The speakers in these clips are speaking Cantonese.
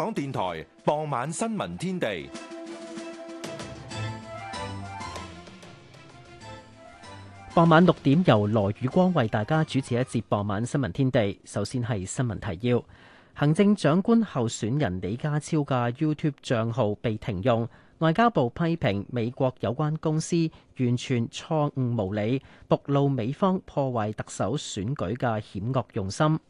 港電台傍晚新聞天地，傍晚六點由羅宇光為大家主持一節傍晚新聞天地。首先係新聞提要：行政長官候選人李家超嘅 YouTube 賬號被停用，外交部批評美國有關公司完全錯誤無理，暴露美方破壞特首選舉嘅險惡用心。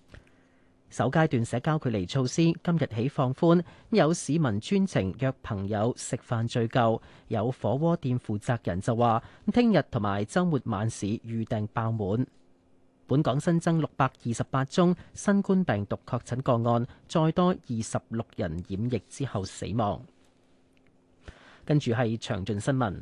首階段社交距離措施今日起放寬，有市民專程約朋友食飯聚舊。有火鍋店負責人就話，咁聽日同埋週末晚市預訂爆滿。本港新增六百二十八宗新冠病毒確診個案，再多二十六人染疫之後死亡。跟住係詳盡新聞。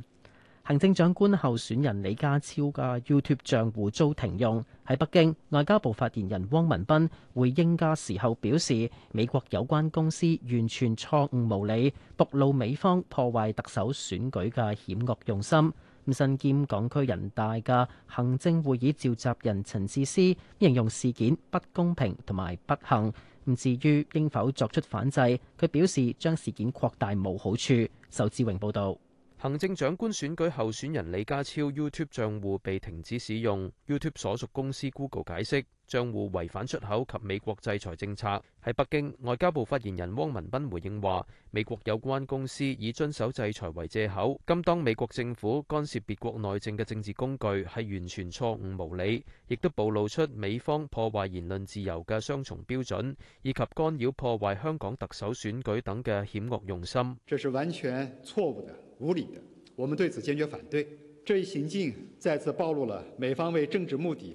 行政長官候選人李家超嘅 YouTube 賬戶遭停用。喺北京，外交部發言人汪文斌回應加時候表示，美國有關公司完全錯誤無理，暴露美方破壞特首選舉嘅險惡用心。身兼港區人大嘅行政會議召集人陳智思形容事件不公平同埋不幸。唔至於應否作出反制，佢表示將事件擴大冇好處。仇志榮報道。行政長官選舉候選人李家超 YouTube 賬戶被停止使用，YouTube 所屬公司 Google 解釋。賬戶違反出口及美國制裁政策。喺北京，外交部發言人汪文斌回應話：美國有關公司以遵守制裁為借口，甘當美國政府干涉別國內政嘅政治工具係完全錯誤無理，亦都暴露出美方破壞言論自由嘅雙重標準，以及干擾破壞香港特首選舉等嘅險惡用心。這是完全錯誤的、無理的，我們對此堅決反對。這一行徑再次暴露了美方為政治目的。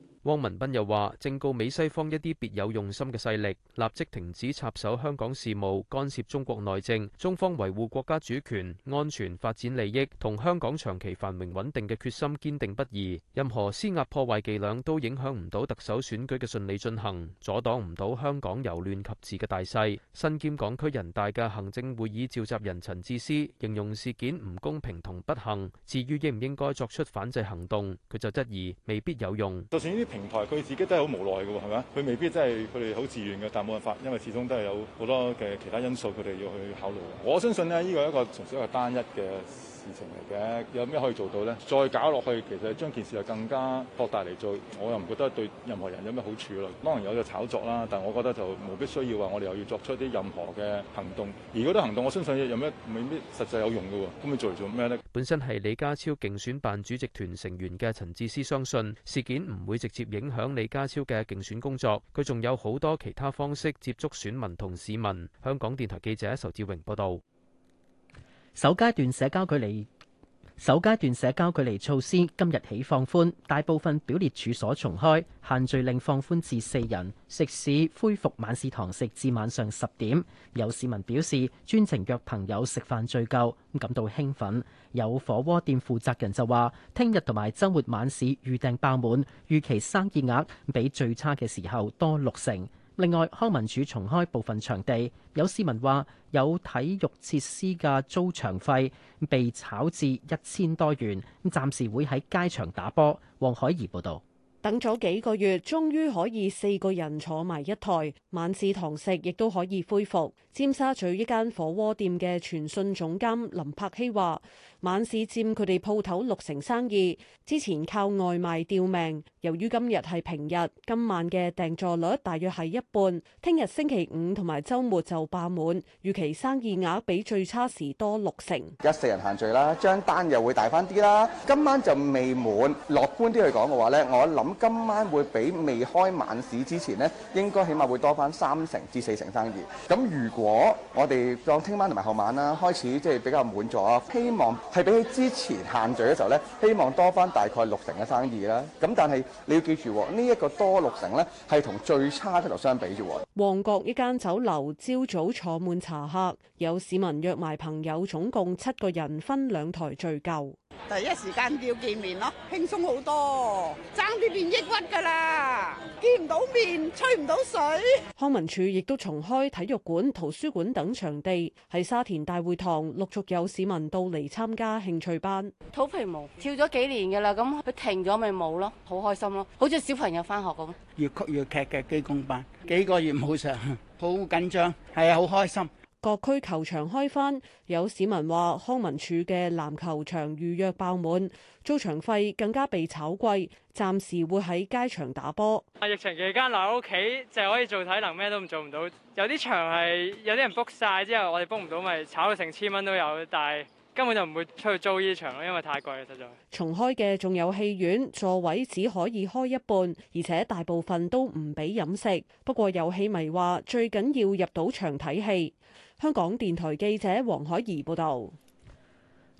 汪文斌又話，正告美西方一啲別有用心嘅勢力，立即停止插手香港事務、干涉中國內政。中方維護國家主權、安全、發展利益同香港長期繁榮穩定嘅決心堅定不移。任何施壓破壞伎倆都影響唔到特首選舉嘅順利進行，阻擋唔到香港由亂及治嘅大勢。身兼港區人大嘅行政會議召集人陳智思形容事件唔公平同不幸。至於應唔應該作出反制行動，佢就質疑未必有用。平台佢自己都係好無奈嘅喎，係咪啊？佢未必真係佢哋好自願嘅，但係冇辦法，因為始終都係有好多嘅其他因素，佢哋要去考慮。我相信咧，呢、這個係一個從屬一個單一嘅。嘅有咩可以做到呢？再搞落去，其實將件事又更加擴大嚟做，我又唔覺得對任何人有咩好處咯。當然有個炒作啦，但係我覺得就無必需要話，我哋又要作出啲任何嘅行動。而嗰啲行動，我相信有咩未必實際有用㗎喎，咁你做嚟做咩呢？本身係李家超競選辦主席團成員嘅陳智思，相信事件唔會直接影響李家超嘅競選工作，佢仲有好多其他方式接觸選民同市民。香港電台記者仇志榮報導。 首階段社交距離首階段社交距離措施今日起放寬，大部分表列處所重開，限聚令放寬至四人，食肆恢復晚市堂食至晚上十點。有市民表示專程約朋友食飯聚舊，感到興奮。有火鍋店負責人就話，聽日同埋周末晚市預訂爆滿，預期生意額比最差嘅時候多六成。另外，康文署重開部分場地，有市民話有體育設施嘅租場費被炒至一千多元，咁暫時會喺街場打波。黃海怡報導。等咗幾個月，終於可以四個人坐埋一枱，晚市堂食亦都可以恢復。尖沙咀一間火鍋店嘅傳訊總監林柏希話。晚市佔佢哋鋪頭六成生意，之前靠外賣吊命。由於今日係平日，今晚嘅訂座率大約係一半。聽日星期五同埋週末就爆滿，預期生意額比最差時多六成。一四人限聚啦，張單又會大翻啲啦。今晚就未滿，樂觀啲去講嘅話呢，我諗今晚會比未開晚市之前呢應該起碼會多翻三成至四成生意。咁如果我哋當聽晚同埋後晚啦，開始即係比較滿座啊，希望。係比起之前限聚嘅時候咧，希望多返大概六成嘅生意啦。咁但係你要記住喎，呢、這、一個多六成咧，係同最差嘅時候相比啫。旺角一間酒樓朝早坐滿茶客，有市民約埋朋友，總共七個人分兩台聚舊。第一時間就要見面咯，輕鬆好多，爭啲變抑鬱噶啦，見唔到面，吹唔到水。康文署亦都重開體育館、圖書館等場地，喺沙田大會堂陸續有市民到嚟參加興趣班。肚皮舞跳咗幾年噶啦，咁佢停咗咪冇咯，好開心咯，好似小朋友翻學咁。粵曲粵劇嘅基功班，幾個月冇上，好緊張，係啊，好開心。各區球場開翻，有市民話康文署嘅籃球場預約爆滿，租場費更加被炒貴。暫時會喺街場打波。疫情期間留喺屋企就可以做體能，咩都唔做唔到。有啲場係有啲人 book 晒之後，我哋 book 唔到咪炒到成千蚊都有，但係根本就唔會出去租呢場咯，因為太貴，實在重開嘅仲有戲院，座位只可以開一半，而且大部分都唔俾飲食。不過有戲迷話最緊要入到場睇戲。香港電台記者黃海怡報道：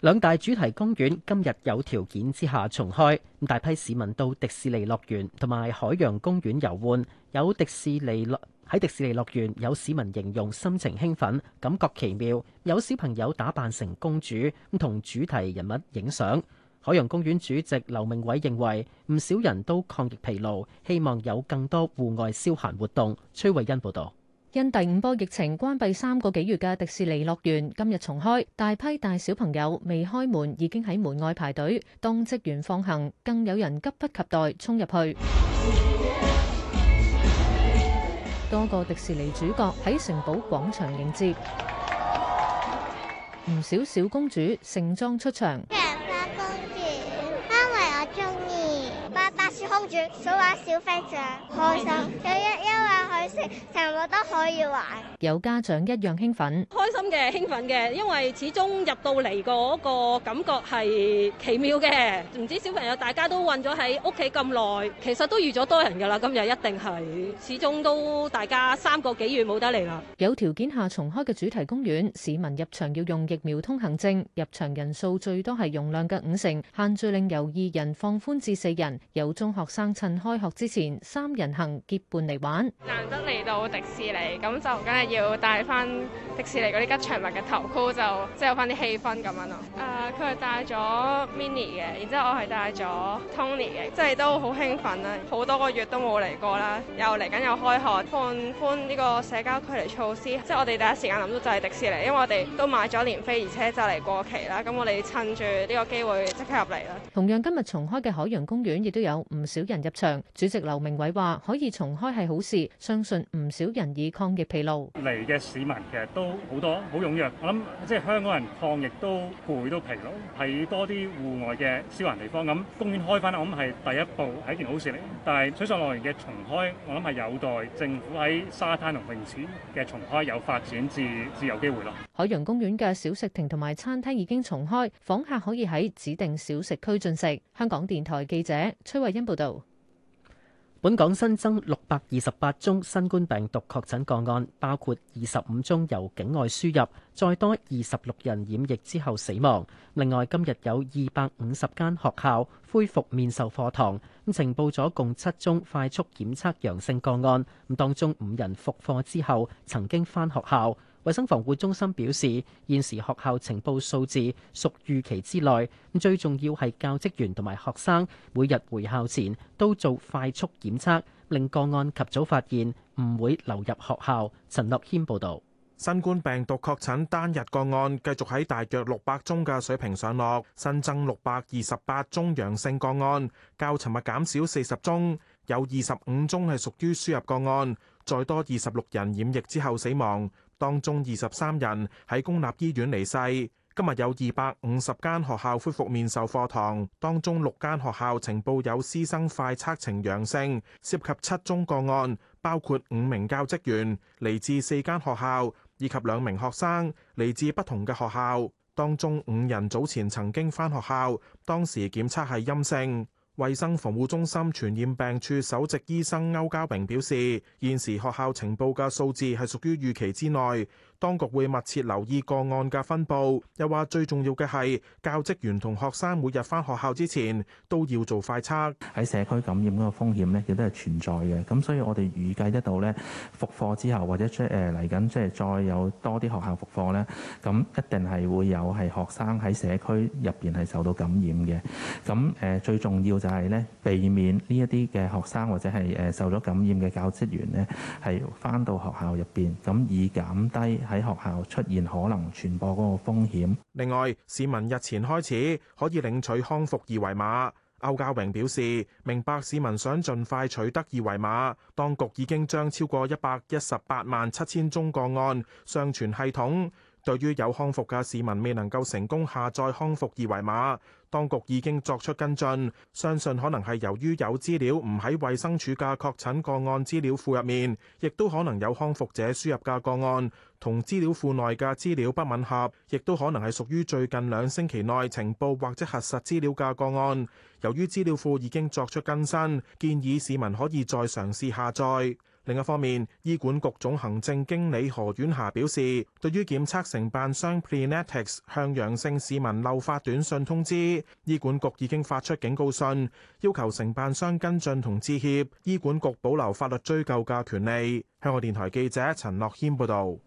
兩大主題公園今日有條件之下重開，咁大批市民到迪士尼樂園同埋海洋公園遊玩。有迪士尼樂喺迪士尼樂園，有市民形容心情興奮，感覺奇妙。有小朋友打扮成公主咁同主題人物影相。海洋公園主席劉明偉認為，唔少人都抗疫疲勞，希望有更多戶外消閒活動。崔慧欣報道。因第五波疫情關閉三個幾月嘅迪士尼樂園今日重開，大批大小朋友未開門已經喺門外排隊，當職員放行，更有人急不及待衝入去，多個迪士尼主角喺城堡廣場迎接，唔少小公主盛裝出場。玩小飛象，開心。有一因為可以食，全部都可以玩。有家長一樣興奮，開心嘅，興奮嘅。因為始終入到嚟個嗰個感覺係奇妙嘅。唔知小朋友大家都困咗喺屋企咁耐，其實都預咗多人㗎啦。今日一定係始終都大家三個幾月冇得嚟啦。有條件下重開嘅主題公園，市民入場要用疫苗通行證，入場人數最多係容量嘅五成，限聚令由二人放寬至四人，有中學生。趁開學之前，三人行結伴嚟玩。難得嚟到迪士尼，咁就梗係要帶翻迪士尼嗰啲吉祥物嘅頭箍，就即係有翻啲氣氛咁樣咯。誒、呃，佢係帶咗 Minnie 嘅，然之後我係帶咗 Tony 嘅，即係都好興奮啦！好多個月都冇嚟過啦，又嚟緊又開學，放寬呢個社交距離措施，即係我哋第一時間諗到就係迪士尼，因為我哋都買咗年飛，而且就嚟過期啦，咁我哋趁住呢個機會即刻入嚟啦。同樣今日重開嘅海洋公園亦都有唔少。人入場，主席劉明偉話：可以重開係好事，相信唔少人已抗疫疲勞嚟嘅市民其實都好多好踴躍。我諗即係香港人抗疫都攰都疲勞，喺多啲戶外嘅消閒地方咁公園開翻，我諗係第一步係一件好事嚟。但係水上樂園嘅重開，我諗係有待政府喺沙灘同泳池嘅重開有發展至至有機會咯。海洋公園嘅小食亭同埋餐廳已經重開，訪客可以喺指定小食區進食。香港電台記者崔慧欣報導。本港新增六百二十八宗新冠病毒確診個案，包括二十五宗由境外輸入，再多二十六人染疫之後死亡。另外，今日有二百五十間學校恢復面授課堂，咁呈報咗共七宗快速檢測陽性個案，咁當中五人復課之後曾經返學校。衛生防護中心表示，現時學校情報數字屬預期之內。最重要係教職員同埋學生每日回校前都做快速檢測，令個案及早發現，唔會流入學校。陳樂謙報道：新冠病毒確診單日個案繼續喺大約六百宗嘅水平上落，新增六百二十八宗陽性個案，較尋日減少四十宗，有二十五宗係屬於輸入個案，再多二十六人染疫之後死亡。當中二十三人喺公立醫院離世。今日有二百五十間學校恢復面授課堂，當中六間學校呈報有師生快測呈陽性，涉及七宗個案，包括五名教職員嚟自四間學校，以及兩名學生嚟自不同嘅學校。當中五人早前曾經返學校，當時檢測係陰性。衛生防護中心傳染病處首席醫生歐家榮表示，現時學校情報嘅數字係屬於預期之內。當局會密切留意個案嘅分佈，又話最重要嘅係教職員同學生每日翻學校之前都要做快測。喺社區感染嗰個風險呢，亦都係存在嘅。咁所以我哋預計得到呢，復課之後或者即係嚟緊即係再有多啲學校復課呢，咁一定係會有係學生喺社區入邊係受到感染嘅。咁誒最重要就係呢，避免呢一啲嘅學生或者係誒受咗感染嘅教職員呢，係翻到學校入邊，咁以減低，喺學校出現可能傳播嗰個風險。另外，市民日前開始可以領取康復二維碼。歐家榮表示，明白市民想盡快取得二維碼，當局已經將超過一百一十八萬七千宗個案上傳系統。對於有康復嘅市民未能夠成功下載康復二維碼，當局已經作出跟進，相信可能係由於有資料唔喺衛生署嘅確診個案資料庫入面，亦都可能有康復者輸入嘅個案同資料庫內嘅資料不吻合，亦都可能係屬於最近兩星期內呈報或者核實資料嘅個案。由於資料庫已經作出更新，建議市民可以再嘗試下載。另一方面，醫管局總行政經理何婉霞表示，對於檢測承辦商 Prenetics 向陽性市民漏發短信通知，醫管局已經發出警告信，要求承辦商跟進同致歉，醫管局保留法律追究嘅權利。香港電台記者陳樂謙報道。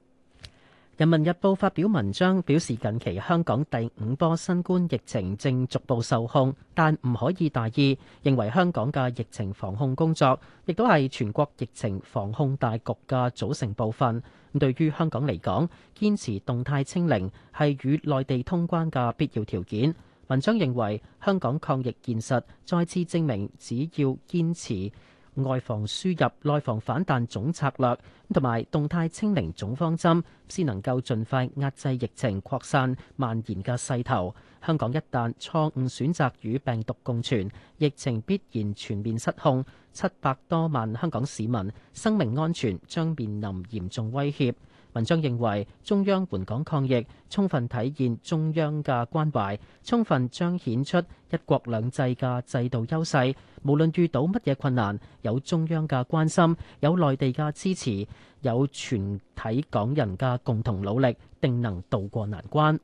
《人民日報》發表文章表示，近期香港第五波新冠疫情正逐步受控，但唔可以大意。認為香港嘅疫情防控工作亦都係全國疫情防控大局嘅組成部分。咁對於香港嚟講，堅持動態清零係與內地通關嘅必要條件。文章認為，香港抗疫現實再次證明，只要堅持外防輸入、內防反彈總策略，同埋動態清零總方針先能夠盡快壓制疫情擴散蔓延嘅勢頭，香港一旦錯誤選擇與病毒共存，疫情必然全面失控，七百多萬香港市民生命安全將面臨嚴重威脅。文章認為，中央援港抗疫充分體現中央嘅關懷，充分彰顯出一國兩制嘅制度優勢。無論遇到乜嘢困難，有中央嘅關心，有內地嘅支持，有全體港人嘅共同努力，定能渡過難關。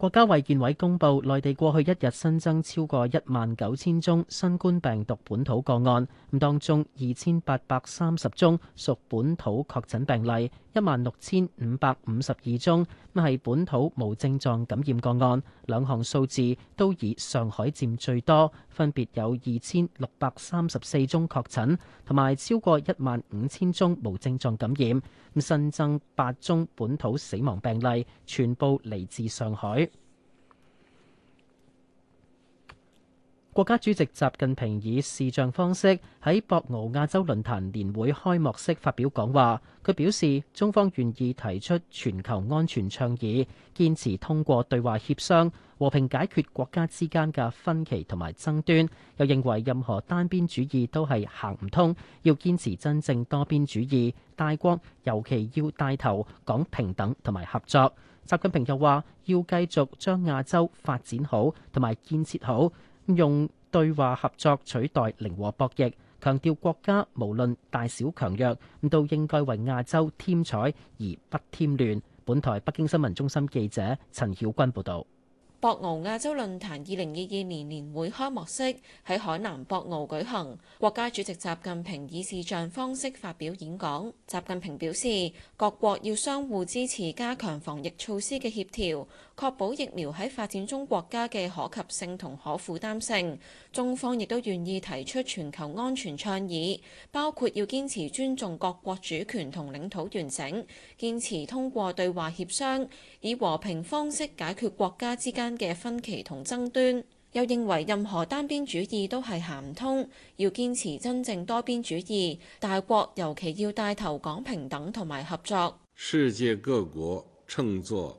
國家衛健委公布，內地過去一日新增超過一萬九千宗新冠病毒本土個案，咁當中二千八百三十宗屬本土確診病例。一萬六千五百五十二宗，咁係本土無症狀感染個案，兩項數字都以上海佔最多，分別有二千六百三十四宗確診，同埋超過一萬五千宗無症狀感染，咁新增八宗本土死亡病例，全部嚟自上海。國家主席習近平以視像方式喺博鰲亞洲論壇年會開幕式發表講話。佢表示，中方願意提出全球安全倡議，堅持通過對話協商和平解決國家之間嘅分歧同埋爭端。又認為任何單邊主義都係行唔通，要堅持真正多邊主義。大國尤其要帶頭講平等同埋合作。習近平又話，要繼續將亞洲發展好同埋建設好。用對話合作取代零和博弈，強調國家無論大小強弱，都應該為亞洲添彩而不添亂。本台北京新聞中心記者陳曉君報道。博鰲亞洲論壇二零二二年年會開幕式喺海南博鰲舉行，國家主席習近平以視像方式發表演講。習近平表示，各國要相互支持，加強防疫措施嘅協調。確保疫苗喺發展中國家嘅可及性同可負擔性，中方亦都願意提出全球安全倡議，包括要堅持尊重各國主權同領土完整，堅持通過對話協商，以和平方式解決國家之間嘅分歧同爭端。又認為任何單邊主義都係行唔通，要堅持真正多邊主義，大國尤其要帶頭講平等同埋合作。世界各國稱作。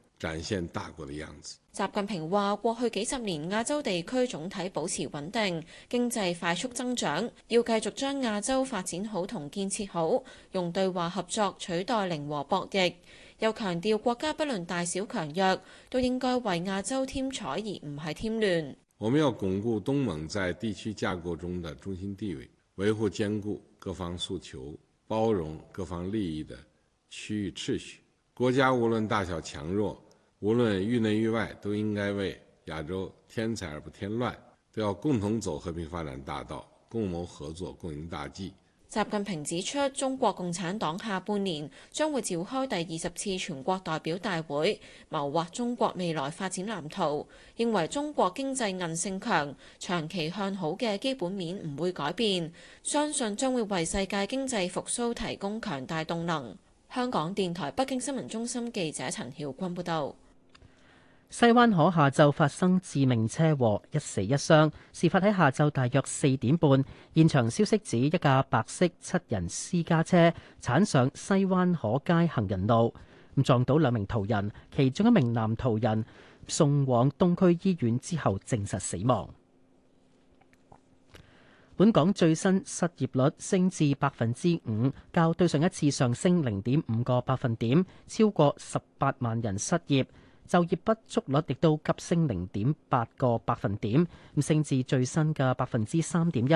展現大國的樣子。習近平話過去幾十年亞洲地區總體保持穩定，經濟快速增長，要繼續將亞洲發展好同建設好，用對話合作取代零和博弈。又強調國家不論大小強弱，都應該為亞洲添彩而唔係添亂。我們要鞏固東盟在地區架構中的中心地位，維護兼顧各方訴求、包容各方利益的區域秩序。國家無論大小強弱，無論域內域外，都應該為亞洲添彩而不添亂，都要共同走和平發展大道，共謀合作，共贏大計。習近平指出，中國共產黨下半年將會召開第二十次全國代表大會，謀劃中國未來發展藍圖，認為中國經濟韌性強，長期向好嘅基本面唔會改變，相信將會為世界經濟復甦提供強大動能。香港電台北京新聞中心記者陳曉君報道。西灣河下晝發生致命車禍，一死一傷。事發喺下晝大約四點半，現場消息指一架白色七人私家車剷上西灣河街行人路，咁撞到兩名途人，其中一名男途人送往東區醫院之後證實死亡。本港最新失業率升至百分之五，較對上一次上升零點五個百分點，超過十八萬人失業。就業不足率亦都急升零點八個百分點，咁升至最新嘅百分之三點一。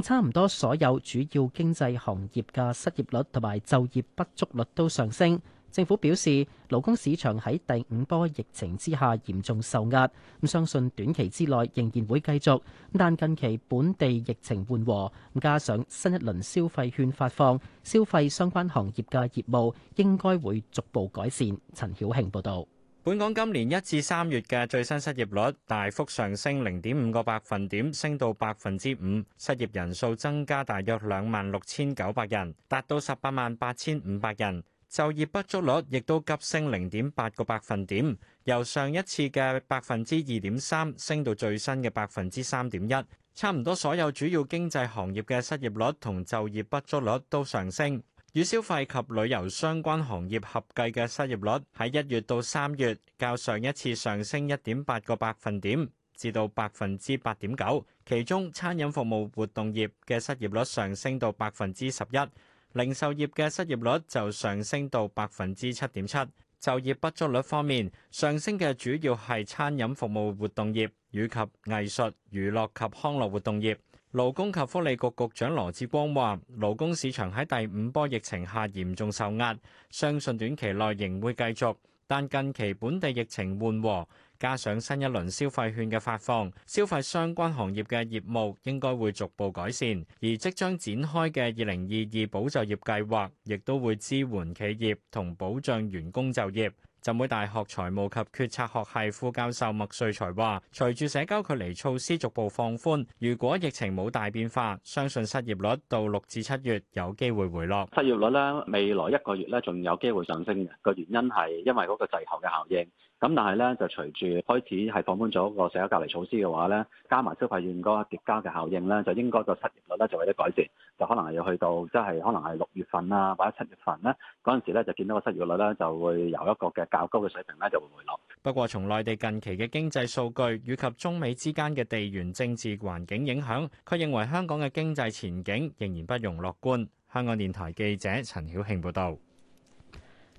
咁差唔多所有主要經濟行業嘅失業率同埋就業不足率都上升。政府表示，勞工市場喺第五波疫情之下嚴重受壓，咁相信短期之內仍然會繼續。但近期本地疫情緩和，咁加上新一輪消費券發放，消費相關行業嘅業務應該會逐步改善。陳曉慶報導。本港今年一至三月嘅最新失業率大幅上升零點五個百分點，升到百分之五，失業人數增加大約兩萬六千九百人，達到十八萬八千五百人。就業不足率亦都急升零點八個百分點，由上一次嘅百分之二點三升到最新嘅百分之三點一。差唔多所有主要經濟行業嘅失業率同就業不足率都上升。與消費及旅遊相關行業合計嘅失業率喺一月到三月較上一次上升一點八個百分點，至到百分之八點九。其中餐飲服務活動業嘅失業率上升到百分之十一，零售業嘅失業率就上升到百分之七點七。就業不足率方面，上升嘅主要係餐飲服務活動業以及藝術、娛樂及康樂活動業。勞工及福利局局長羅致光話：勞工市場喺第五波疫情下嚴重受壓，相信短期內仍會繼續，但近期本地疫情緩和，加上新一輪消費券嘅發放，消費相關行業嘅業務應該會逐步改善。而即將展開嘅二零二二保就業計劃，亦都會支援企業同保障員工就業。浸會大學財務及決策學系副教授麥瑞才話：隨住社交距離措施逐步放寬，如果疫情冇大變化，相信失業率到六至七月有機會回落。失業率咧，未來一個月咧仲有機會上升嘅，個原因係因為嗰個滯後嘅效應。咁但係咧，就隨住開始係放寬咗個社交隔離措施嘅話咧，加埋消費券嗰個疊加嘅效應咧，就應該個失業率咧就會有啲改善，就可能係要去到即係可能係六月份啊，或者七月份咧，嗰陣時咧就見到個失業率咧就會由一個嘅較高嘅水平咧就會回落。不過，從內地近期嘅經濟數據以及中美之間嘅地緣政治環境影響，佢認為香港嘅經濟前景仍然不容樂觀。香港電台記者陳曉慶報道。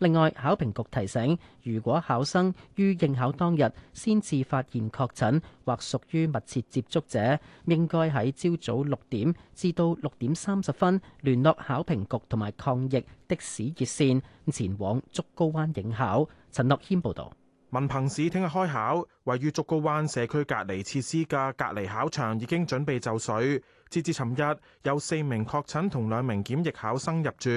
另外，考評局提醒，如果考生於應考當日先至發現確診或屬於密切接觸者，應該喺朝早六點至到六點三十分聯絡考評局同埋抗疫的士熱線前往竹篙灣應考。陳樂謙報道。文憑試聽日開考，位於竹篙灣社區隔離設施嘅隔離考場已經準備就緒，截至尋日，有四名確診同兩名檢疫考生入住。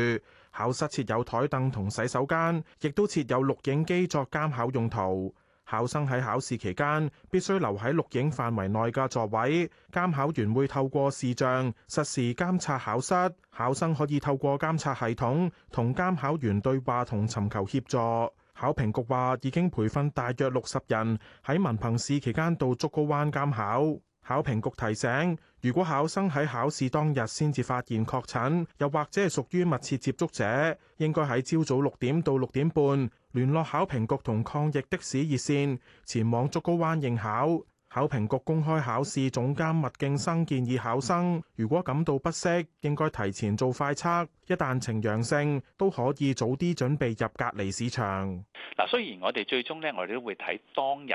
考室設有台凳同洗手間，亦都設有錄影機作監考用途。考生喺考試期間必須留喺錄影範圍內嘅座位，監考員會透過視像實時監察考室。考生可以透過監察系統同監考員對話同尋求協助。考評局話已經培訓大約六十人喺文憑試期間到竹篙灣監考。考評局提醒，如果考生喺考試當日先至發現確診，又或者係屬於密切接觸者，應該喺朝早六點到六點半聯絡考評局同抗疫的士熱線，前往竹篙灣應考。考評局公開考試總監麥敬生建議考生，如果感到不適，應該提前做快測，一旦呈陽性，都可以早啲準備入隔離市場。嗱，雖然我哋最終呢，我哋都會睇當日。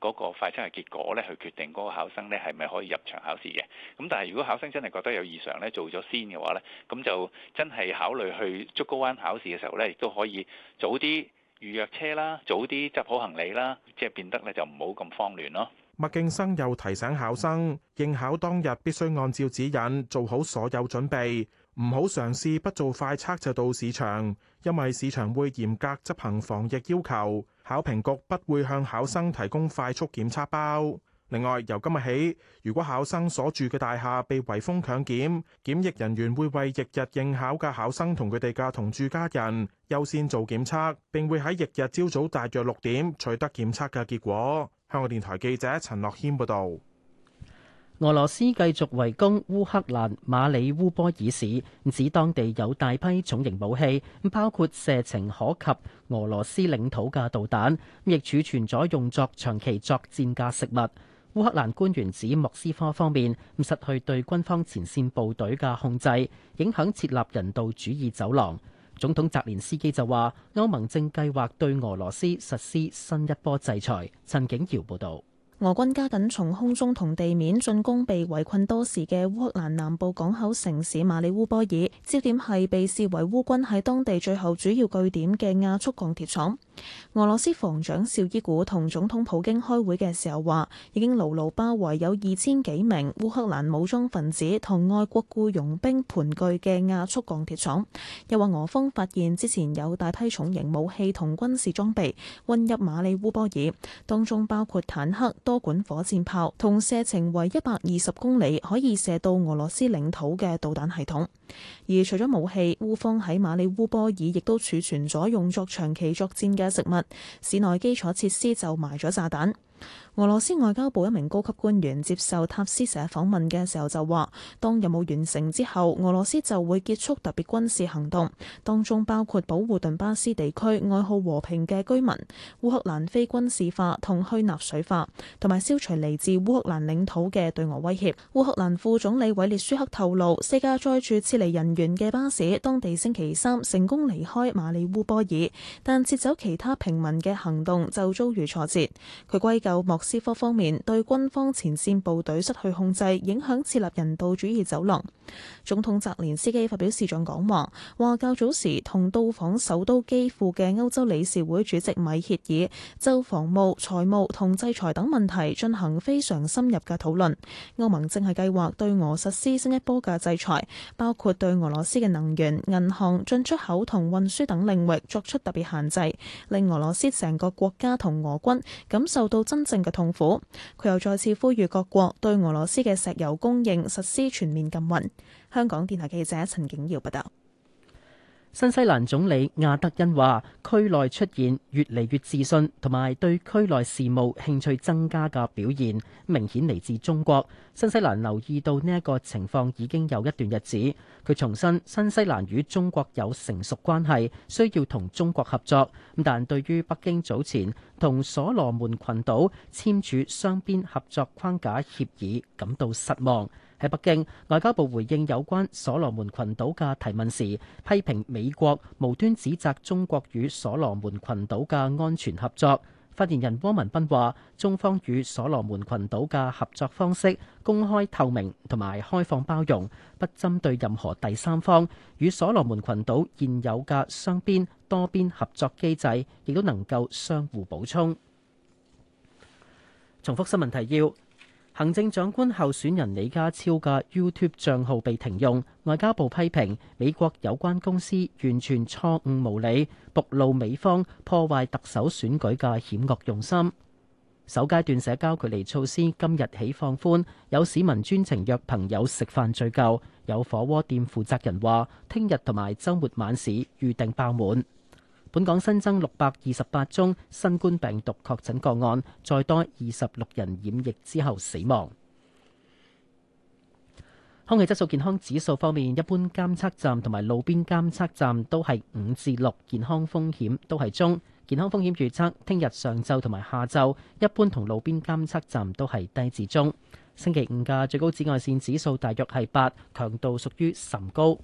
嗰個快測嘅結果咧，去決定嗰個考生咧係咪可以入場考試嘅。咁但係如果考生真係覺得有異常咧，做咗先嘅話咧，咁就真係考慮去竹篙灣考試嘅時候咧，亦都可以早啲預約車啦，早啲執好行李啦，即係變得咧就唔好咁慌亂咯。麥敬生又提醒考生，應考當日必須按照指引做好所有準備，唔好嘗試不做快測就到試場，因為試場會嚴格執行防疫要求。考評局不會向考生提供快速檢測包。另外，由今日起，如果考生所住嘅大廈被圍封強檢，檢疫人員會為翌日應考嘅考生同佢哋嘅同住家人優先做檢測，並會喺翌日朝早大約六點取得檢測嘅結果。香港電台記者陳樂謙報道。俄羅斯繼續圍攻烏克蘭馬里烏波爾市，指當地有大批重型武器，包括射程可及俄羅斯領土嘅導彈，亦儲存咗用作長期作戰嘅食物。烏克蘭官員指莫斯科方面咁失去對軍方前線部隊嘅控制，影響設立人道主義走廊。總統澤連斯基就話：歐盟正計劃對俄羅斯實施新一波制裁。陳景堯報道。俄軍加緊從空中同地面進攻被圍困多時嘅烏克蘭南部港口城市馬里烏波爾，焦點係被視為烏軍喺當地最後主要據點嘅亞速鋼鐵廠。俄羅斯防長紹伊古同總統普京開會嘅時候話，已經牢牢包圍有二千幾名烏克蘭武裝分子同外國僱傭兵盤踞嘅亞速鋼鐵廠。又話俄方發現之前有大批重型武器同軍事裝備運入馬里烏波爾，當中包括坦克、多管火箭炮同射程為一百二十公里可以射到俄羅斯領土嘅導彈系統。而除咗武器，烏方喺馬里烏波爾亦都儲存咗用作長期作戰嘅。食物，市內基礎設施就埋咗炸彈。俄羅斯外交部一名高級官員接受塔斯社訪問嘅時候就話：當任務完成之後，俄羅斯就會結束特別軍事行動，當中包括保護頓巴斯地區愛好和平嘅居民、烏克蘭非軍事化同去納粹化，同埋消除嚟自烏克蘭領土嘅對俄威脅。烏克蘭副總理韋列舒克透露，四架載住撤離人員嘅巴士當地星期三成功離開馬里烏波爾，但撤走其他平民嘅行動就遭遇挫折。佢歸咎莫莫斯科方面對軍方前線部隊失去控制，影響設立人道主義走廊。總統澤連斯基發表視像講話，話較早時同到訪首都基輔嘅歐洲理事會主席米歇爾就防務、財務同制裁等問題進行非常深入嘅討論。歐盟正係計劃對俄實施新一波嘅制裁，包括對俄羅斯嘅能源、銀行、進出口同運輸等領域作出特別限制，令俄羅斯成個國家同俄軍感受到真正嘅痛苦，佢又再次呼籲各國對俄羅斯嘅石油供應實施全面禁運。香港電台記者陳景耀報道。新西蘭總理亞德恩話：區內出現越嚟越自信同埋對區內事務興趣增加嘅表現，明顯嚟自中國。新西蘭留意到呢一個情況已經有一段日子。佢重申新西蘭與中國有成熟關係，需要同中國合作。但係對於北京早前同所羅門群島簽署雙邊合作框架協議感到失望。喺北京，外交部回應有關所羅門群島嘅提問時，批評美國無端指責中國與所羅門群島嘅安全合作。發言人汪文斌話，中方與所羅門群島嘅合作方式公開透明，同埋開放包容，不針對任何第三方，與所羅門群島現有嘅雙邊多邊合作機制，亦都能夠相互補充。重複新聞提要。行政長官候選人李家超嘅 YouTube 賬號被停用，外交部批評美國有關公司完全錯誤無理，暴露美方破壞特首選舉嘅險惡用心。首階段社交距離措施今日起放寬，有市民專程約朋友食飯聚舊。有火鍋店負責人話，聽日同埋週末晚市預定爆滿。本港新增六百二十八宗新冠病毒確診個案，再多二十六人染疫之後死亡。空氣質素健康指數方面，一般監測站同埋路邊監測站都係五至六，健康風險都係中。健康風險預測，聽日上晝同埋下晝，一般同路邊監測站都係低至中。星期五嘅最高紫外線指數大約係八，強度屬於甚高。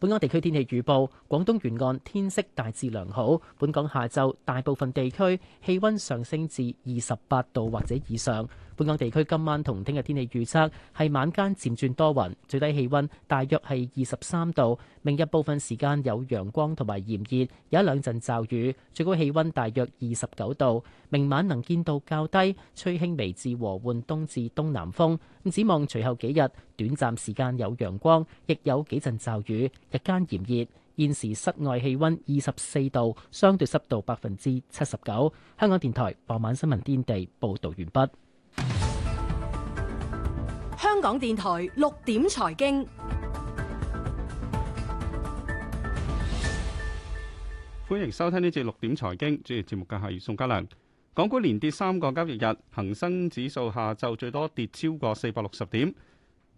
本港地區天氣預報：廣東沿岸天色大致良好，本港下晝大部分地區氣溫上升至二十八度或者以上。本港地區今晚同聽日天氣預測係晚間漸轉多雲，最低氣溫大約係二十三度。明日部分時間有陽光同埋炎熱，有一兩陣驟雨，最高氣溫大約二十九度。明晚能見度較低，吹輕微至和緩東至東南風。咁，展望隨後幾日短暫時間有陽光，亦有幾陣驟雨，日間炎熱。現時室外氣溫二十四度，相對濕度百分之七十九。香港電台傍晚新聞天地報道完畢。香港電台六點財經，歡迎收聽呢節六點財經。主持節目嘅係宋嘉良。港股連跌三個交易日，恒生指數下晝最多跌超過四百六十點，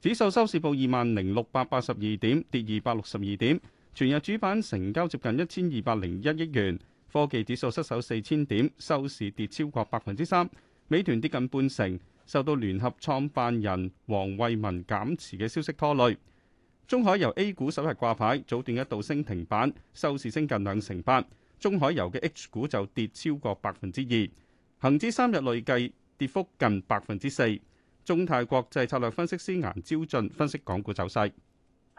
指數收市報二萬零六百八十二點，跌二百六十二點。全日主板成交接近一千二百零一億元。科技指數失守四千點，收市跌超過百分之三，美團跌近半成。受到聯合創辦人黃惠文減持嘅消息拖累，中海油 A 股首日掛牌，早段一度升停板，收市升近兩成八。中海油嘅 H 股就跌超過百分之二，恆指三日累計跌幅近百分之四。中泰國際策略分析師顏招駿分析港股走勢。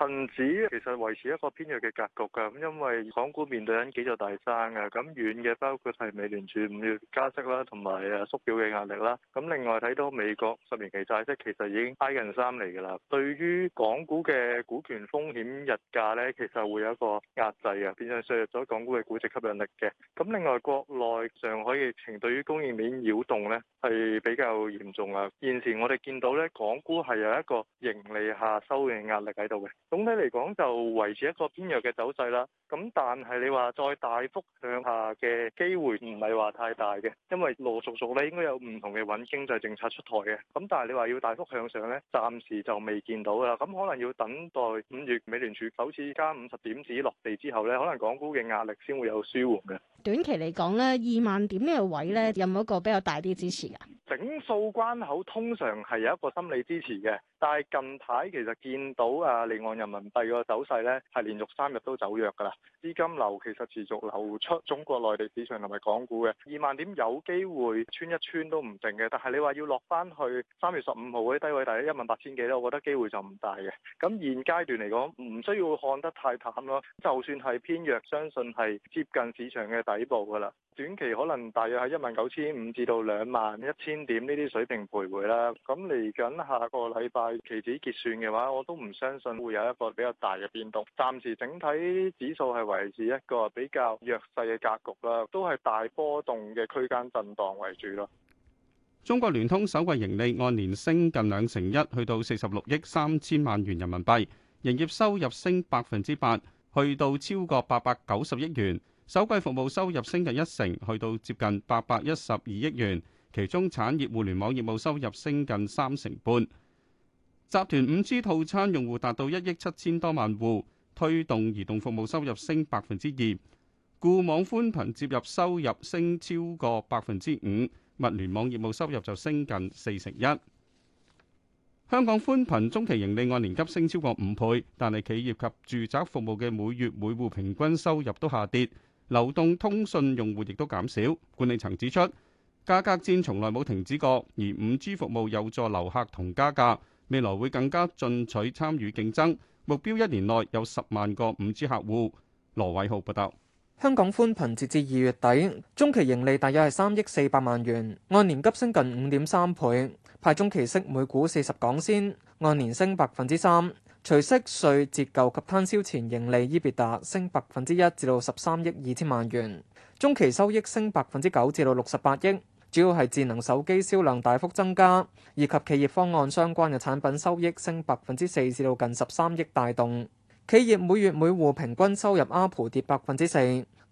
恆指其實維持一個偏弱嘅格局㗎，咁因為港股面對緊幾座大山嘅，咁遠嘅包括係美聯儲五月加息啦，同埋啊縮表嘅壓力啦。咁另外睇到美國十年期債息其實已經挨緊三厘㗎啦，對於港股嘅股權風險溢價呢，其實會有一個壓制嘅，變相削弱咗港股嘅估值吸引力嘅。咁另外國內上海疫情對於供應鏈擾動呢係比較嚴重啊。現時我哋見到呢，港股係有一個盈利下修嘅壓力喺度嘅。總體嚟講就維持一個偏弱嘅走勢啦，咁但係你話再大幅向下嘅機會唔係話太大嘅，因為羅叔叔咧應該有唔同嘅穩經濟政策出台嘅，咁但係你話要大幅向上咧，暫時就未見到啦，咁可能要等待五月美聯儲首次加五十點子落地之後咧，可能港股嘅壓力先會有舒緩嘅。短期嚟講咧，二萬點嘅位咧有冇一個比較大啲支持噶？整數關口通常係有一個心理支持嘅，但係近排其實見到誒另外。人民幣個走勢咧，係連續三日都走弱噶啦。資金流其實持續流出中國內地市場同埋港股嘅。二萬點有機會穿一穿都唔定嘅，但係你話要落翻去三月十五號嗰啲低位低，大概一萬八千幾咧，我覺得機會就唔大嘅。咁現階段嚟講，唔需要看得太淡咯。就算係偏弱，相信係接近市場嘅底部噶啦。短期可能大約喺一萬九千五至到兩萬一千點呢啲水平徘徊啦。咁嚟緊下個禮拜期指結算嘅話，我都唔相信會有。一個比較大嘅變動，暫時整體指數係維持一個比較弱勢嘅格局啦，都係大波動嘅區間震蕩為主咯。中國聯通首季盈利按年升近兩成一，去到四十六億三千萬元人民幣，營業收入升百分之八，去到超過八百九十億元，首季服務收入升近一成，去到接近八百一十二億元，其中產業互聯網業務收入升近三成半。集團五 G 套餐用戶達到一億七千多萬戶，推動移動服務收入升百分之二，固網寬頻接入收入升超過百分之五，物聯網業務收入就升近四成一。香港寬頻中期盈利按年急升超過五倍，但係企業及住宅服務嘅每月每戶平均收入都下跌，流動通訊用戶亦都減少。管理層指出，價格戰從來冇停止過，而五 G 服務有助留客同加價。未來會更加進取參與競爭，目標一年內有十萬個五 G 客戶。羅偉浩報道，香港寬頻截至二月底中期盈利大約係三億四百萬元，按年急升近五點三倍，派中期息每股四十港仙，按年升百分之三，除息稅折舊及攤銷前盈利 EBITDA 升百分之一至到十三億二千萬元，中期收益升百分之九至到六十八億。主要係智能手機銷量大幅增加，以及企業方案相關嘅產品收益升百分之四，至到近十三億帶動。企業每月每戶平均收入 ARPU 跌百分之四，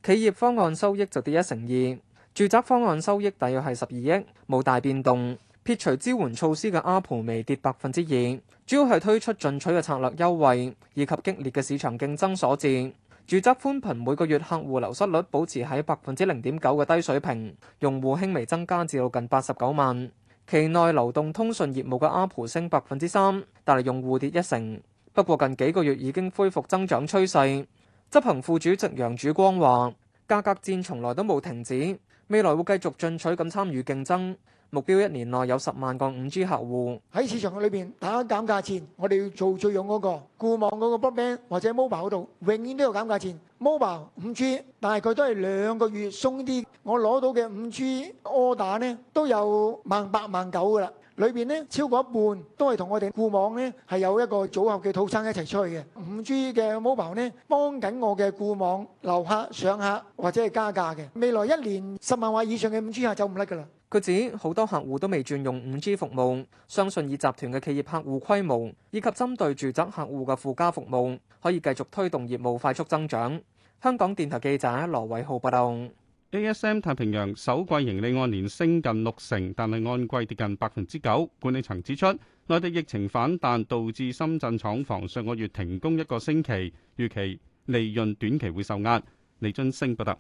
企業方案收益就跌一成二。住宅方案收益大約係十二億，冇大變動。撇除支援措施嘅 ARPU 微跌百分之二，主要係推出進取嘅策略優惠以及激烈嘅市場競爭所致。住宅寬頻每個月客戶流失率保持喺百分之零點九嘅低水平，用戶輕微增加至到近八十九萬。期內流動通訊業務嘅 ARPU 升百分之三，但係用戶跌一成。不過近幾個月已經恢復增長趨勢。執行副主席楊主光話，價格戰從來都冇停止，未來會繼續進取咁參與競爭。目標一年內有十萬個五 G 客戶喺市場裏邊打減價戰，我哋要做最勇嗰、那個固網嗰個不 band 或者 mobile 度，永遠都有減價戰。mobile 五、嗯、G，大概都係兩個月鬆啲。我攞到嘅五 G order 呢都有萬八萬九噶啦，裏邊超過一半都係同我哋固網咧係有一個組合嘅套餐一齊出去嘅五 G 嘅 mobile 咧，幫緊我嘅固網留客、上客或者係加價嘅。未來一年十萬話以上嘅五 G 客走唔甩噶啦。佢指好多客戶都未轉用 5G 服務，相信以集團嘅企業客戶規模以及針對住宅客戶嘅附加服務，可以繼續推動業務快速增長。香港電台記者羅偉浩報道。ASM 太平洋首季盈利按年升近六成，但係按季跌近百分之九。管理層指出，內地疫情反彈導致深圳廠房上個月停工一個星期，預期利潤短期會受壓。李津升報道。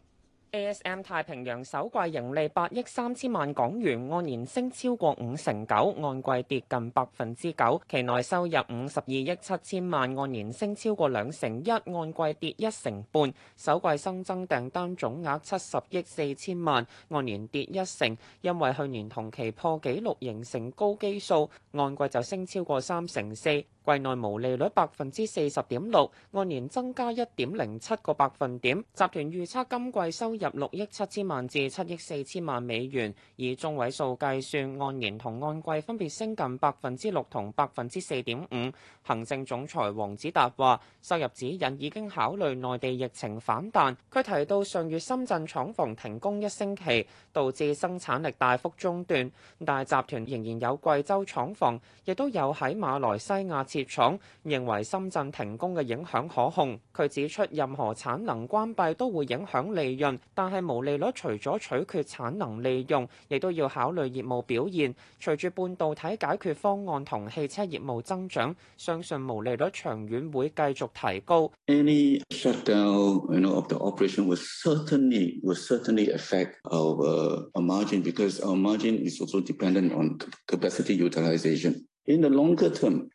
ASM 太平洋首季盈利八億三千萬港元，按年升超過五成九，按季跌近百分之九。期內收入五十二億七千萬，按年升超過兩成一，按季跌一成半。首季新增訂單總額七十億四千萬，按年跌一成，因為去年同期破紀錄形成高基數，按季就升超過三成四。季內毛利率百分之四十點六，按年增加一點零七個百分點。集團預測今季收入六億七千萬至七億四千萬美元，以中位數計算，按年同按季分別升近百分之六同百分之四點五。行政總裁黃子達話：收入指引已經考慮內地疫情反彈。佢提到上月深圳廠房停工一星期，導致生產力大幅中斷，但係集團仍然有貴州廠房，亦都有喺馬來西亞設。業廠認為深圳停工嘅影響可控。佢指出，任何產能關閉都會影響利潤，但係毛利率除咗取決產能利用，亦都要考慮業務表現。隨住半導體解決方案同汽車業務增長，相信毛利率長遠會繼續提高。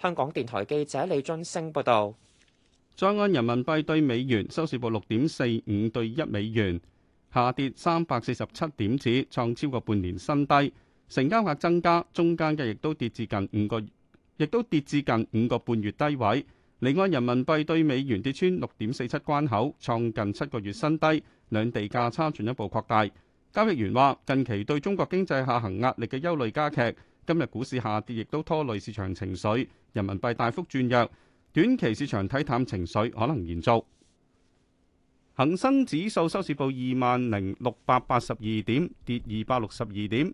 香港電台記者李俊升報道：在岸人民幣兌美元收市報六點四五對一美元，下跌三百四十七點子，創超過半年新低。成交額增加，中間嘅亦都跌至近五個，亦都跌至近五個半月低位。離岸人民幣兌美元跌穿六點四七關口，創近七個月新低，兩地價差進一步擴大。交易員話：近期對中國經濟下行壓力嘅憂慮加劇。今日股市下跌，亦都拖累市場情緒，人民幣大幅轉弱，短期市場睇淡情緒可能延續。恒生指數收市報二萬零六百八十二點，跌二百六十二點，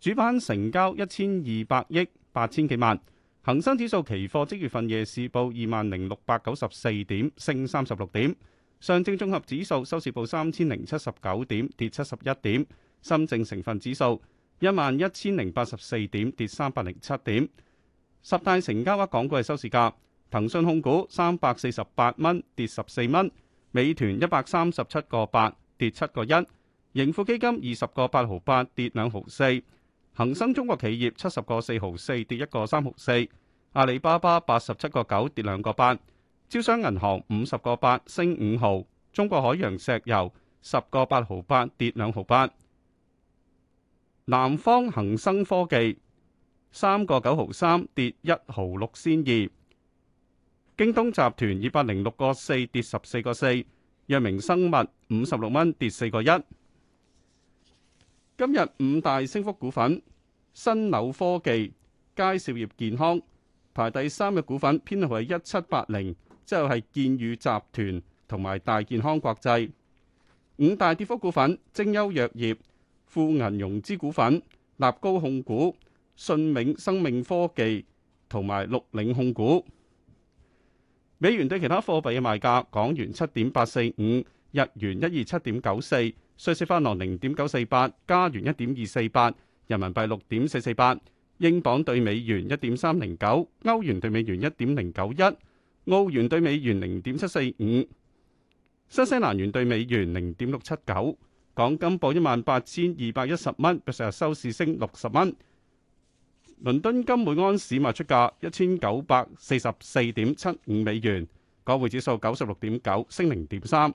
主板成交一千二百億八千幾萬。恒生指數期貨即月份夜市報二萬零六百九十四點，升三十六點。上證綜合指數收市報三千零七十九點，跌七十一點。深證成分指數，一萬一千零八十四點，跌三百零七點。十大成交額港股嘅收市價：騰訊控股三百四十八蚊，跌十四蚊；美團一百三十七個八，跌七個一；盈富基金二十個八毫八，跌兩毫四；恒生中國企業七十個四毫四，跌一個三毫四；阿里巴巴八十七個九，跌兩個八；招商銀行五十個八，升五毫；中國海洋石油十個八毫八，跌兩毫八。南方恒生科技三個九毫三，跌一毫六仙二，京東集團二百零六個四，跌十四個四，藥明生物五十六蚊，跌四個一。今日五大升幅股份：新柳科技、佳兆業健康，排第三嘅股份編號係一七八零，之後係建宇集團同埋大健康國際。五大跌幅股份：精優藥業。富銀融資股份、立高控股、信銘生命科技同埋綠領控股。美元對其他貨幣嘅賣價：港元七點八四五，日元一二七點九四，瑞士法郎零點九四八，加元一點二四八，人民幣六點四四八，英鎊對美元一點三零九，歐元對美元一點零九一，澳元對美元零點七四五，新西蘭元對美元零點六七九。港金報一萬八千二百一十蚊，比上日收市升六十蚊。倫敦金每安士賣出價一千九百四十四點七五美元，港匯指數九十六點九升零點三。